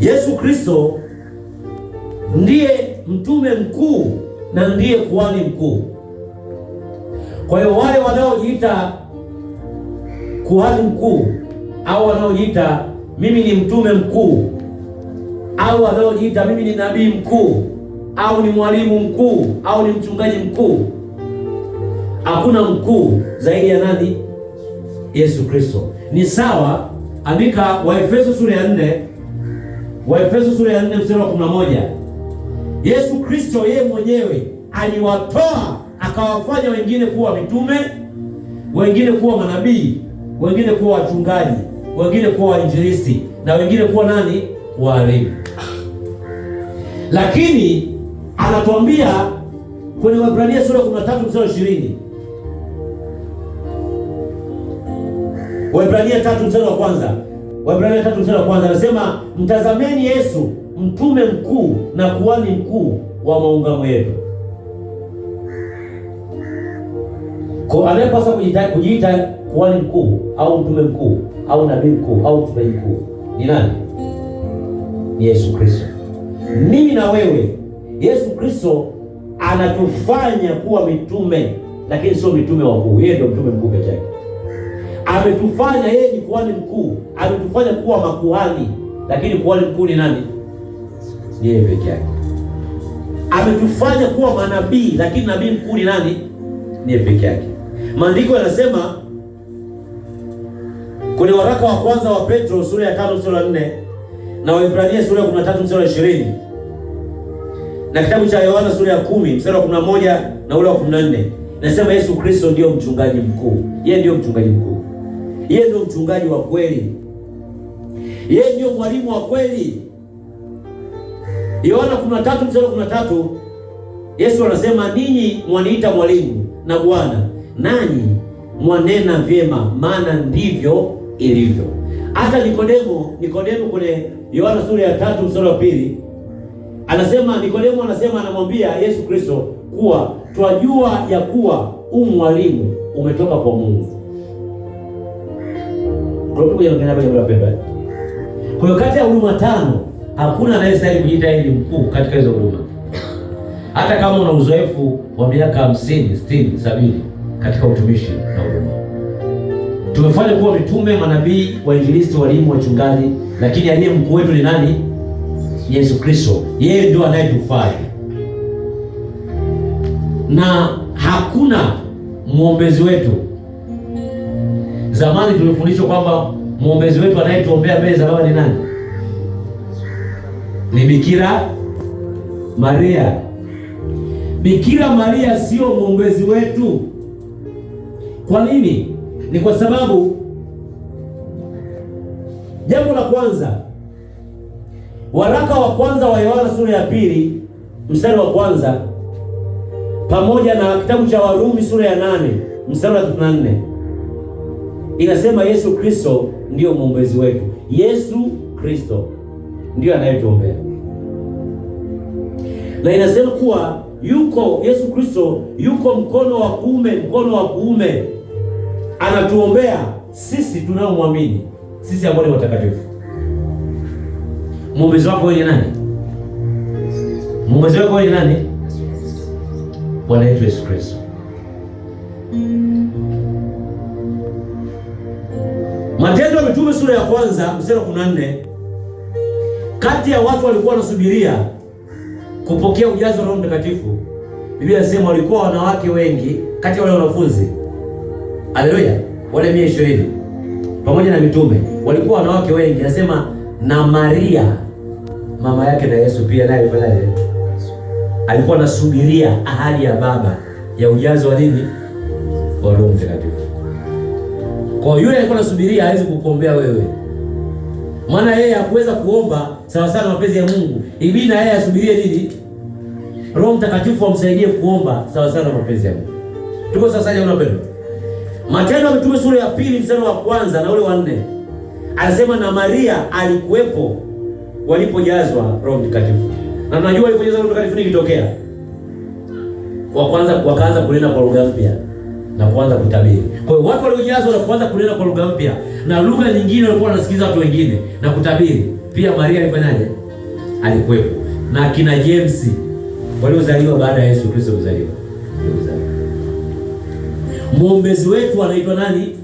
Yesu Kristo ndiye mtume mkuu na ndiye kuhani mkuu. Kwa hiyo wale wanaojiita kuhani mkuu au wanaojiita mimi ni mtume mkuu au wanaojiita mimi ni nabii mkuu au ni mwalimu mkuu au ni mchungaji mkuu, hakuna mkuu zaidi ya nani? Yesu Kristo. Ni sawa, andika Waefeso sura ya 4 Waefeso sura ya 4 mstari wa 11. Yesu Kristo yeye mwenyewe aliwatoa akawafanya wengine kuwa mitume, wengine kuwa manabii, wengine kuwa wachungaji, wengine kuwa wainjilisti na wengine kuwa nani? Walimu. Lakini anatuambia kwenye Waebrania sura ya 13 mstari wa 20. Waebrania 3 mstari wa kwanza Waebrania tatu mstari wa kwanza anasema mtazameni Yesu mtume mkuu na kuhani mkuu wa maungamo yetu. Kwa anayepaswa kujiita kujiita kuhani mkuu au mtume mkuu au nabii mkuu au mtume mkuu ni nani? Ni Yesu Kristo. Mimi na wewe, Yesu Kristo anatufanya kuwa mitume, lakini sio mitume wakuu. Yeye ndio mtume mkuu pekee yake ametufanya yeye ni kuhani mkuu, ametufanya kuwa makuhani, lakini kuhani mkuu ni nani? Ni yeye peke yake. Ametufanya kuwa manabii, lakini nabii mkuu ni nani? Ni yeye peke yake. Maandiko yanasema kwenye waraka wa kwanza wa Petro sura ya 5 sura ya 4 na Waebrania sura ya 13 mstari wa 20 na kitabu cha Yohana sura ya 10 mstari wa 11 na ule wa 14 nasema Yesu Kristo ndiyo mchungaji mkuu. Yeye ndiyo mchungaji mkuu. Yeye ndio mchungaji wa kweli, yeye ndio mwalimu wa kweli. Yohana 13 mstari 13, Yesu anasema ninyi mwaniita mwalimu na Bwana, nanyi mwanena vyema, maana ndivyo ilivyo. Hata Nikodemo, Nikodemo kule Yohana sura ya tatu mstari wa pili anasema Nikodemo anasema anamwambia Yesu Kristo kuwa twajua ya kuwa huu mwalimu umetoka kwa Mungu kwa hiyo kati ya huduma tano hakuna anayestahili kujiita yeye ni mkuu katika hizo huduma, hata kama una uzoefu wa miaka hamsini, sitini, sabini katika utumishi na huduma. Tumefanya kuwa mitume, manabii, wainjilisti, walimu, wachungaji, lakini aliye mkuu wetu ni nani? Yesu Kristo. Yeye ndio anayetufaa, na hakuna mwombezi wetu Zamani tulifundishwa kwamba mwombezi wetu anayetuombea mbele za Baba ni nani? Ni Bikira Maria. Bikira Maria sio mwombezi wetu. Kwa nini? Ni kwa sababu jambo la kwanza, waraka wa kwanza wa Yohana sura ya pili mstari wa kwanza pamoja na kitabu cha Warumi sura ya nane mstari wa 34 Inasema Yesu Kristo ndiyo mwombezi wetu. Yesu Kristo ndiyo anayetuombea, na inasema kuwa yuko Yesu Kristo yuko mkono wa kuume, mkono wa kuume anatuombea sisi tunaomwamini, sisi ambao ni watakatifu. Mwombezi wako ni nani? Mwombezi wako ni nani? Bwana wetu Yesu Kristo. Mitume sura ya kwanza mstari wa 14, kati ya watu walikuwa wanasubiria kupokea ujazo wa Roho Mtakatifu, Biblia inasema walikuwa wanawake wengi kati ya wale wanafunzi, haleluya, wale mia ishirini pamoja na mitume walikuwa wanawake wengi. Anasema na Maria mama yake na Yesu pia naye alifanyaje? Alikuwa anasubiria ahadi ya Baba ya ujazo wa nini? Wa Roho Mtakatifu. Kwa yule alikuwa anasubiria hawezi kukuombea wewe, maana yeye hakuweza kuomba sawa sawa na mapenzi ya Mungu. Ibidi na yeye asubirie nini? Roho Mtakatifu amsaidie kuomba sawa sawa na mapenzi ya Mungu. Tuko sasa na Petro. Matendo ya Mitume sura ya pili mstari wa kwanza na ule wa nne anasema na Maria alikuwepo walipojazwa Roho Mtakatifu. Na tunajua walipojazwa Roho Mtakatifu nilitokea. Wa kwanza wakaanza kunena kwa lugha mpya na kuanza kutabiri. Kwa hiyo watu waliojazwa na kuanza kunena kwa lugha mpya na lugha nyingine walikuwa wanasikiliza watu wengine na kutabiri. Pia Maria alifanyaje? Alikuwepo. Na kina James waliozaliwa baada ya Yesu Kristo kuzaliwa. Mwombezi wetu anaitwa nani?